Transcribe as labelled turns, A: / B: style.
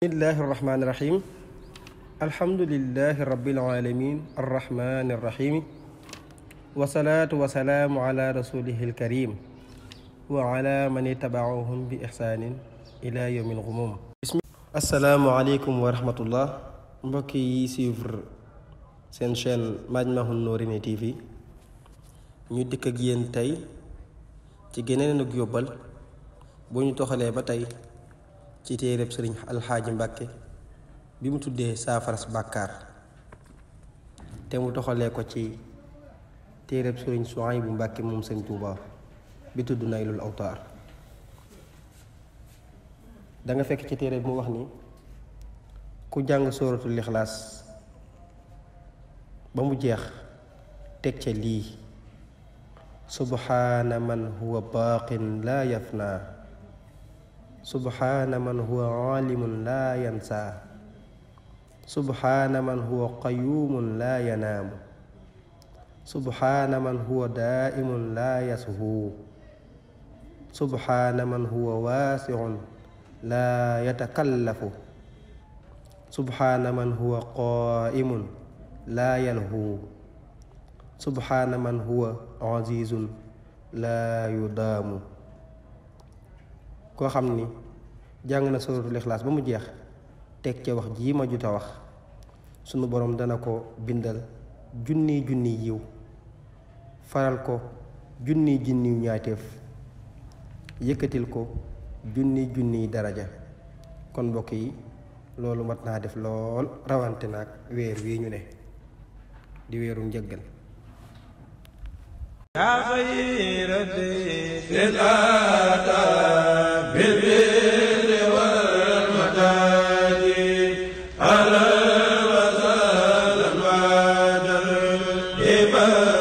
A: bismillahi irrahmani irrahim alhamdulilahi rabilalamin arrahmani irrahimi wasalaatu wasalaamu ala rasulihi ilkarim wa ala man itabacahum bi ixsaanin ila yowmi alxumum yi suivre seen chaîne Majmahun Nurayni TV ñu dikk ak tey ci geneen ak yóbbal bu ñu toxalee ba tey ci téereb sëriñ alxaaji mbàkke bi mu tuddee saafara su bàkkaar te mu doxalee ko ci téereb sëriñ bu mbàkke moom sëñ Tuuba bi tudd Naylul Awtaar danga fekk ci téere bi mu wax ni ku jàng sóoratul lixlaas ba mu jeex teg ca lii subhaana man huwa baaqin laa naa subhaana man huwa alimun laa yansa subhaana man huwa qayuumun laa yanaamu subhaana man huwa daaimun laa yasuhuu subhaana man huwa waasicun laa yatakallafu subhaana man huwa qaaimun laa yalhuu subhaana man huwa azizun laa yudaamu koo xam ni jàng na suratul ixlaas ba mu jeex teg ca wax jii ma jot a wax sunu borom dana ko bindal junni junni yiw faral ko junni junniw ñaateef yëkkatil ko junni junniy daraja kon mbokk yi loolu mat naa def lool rawante naag weer wii ñu ne di weeru njëggal la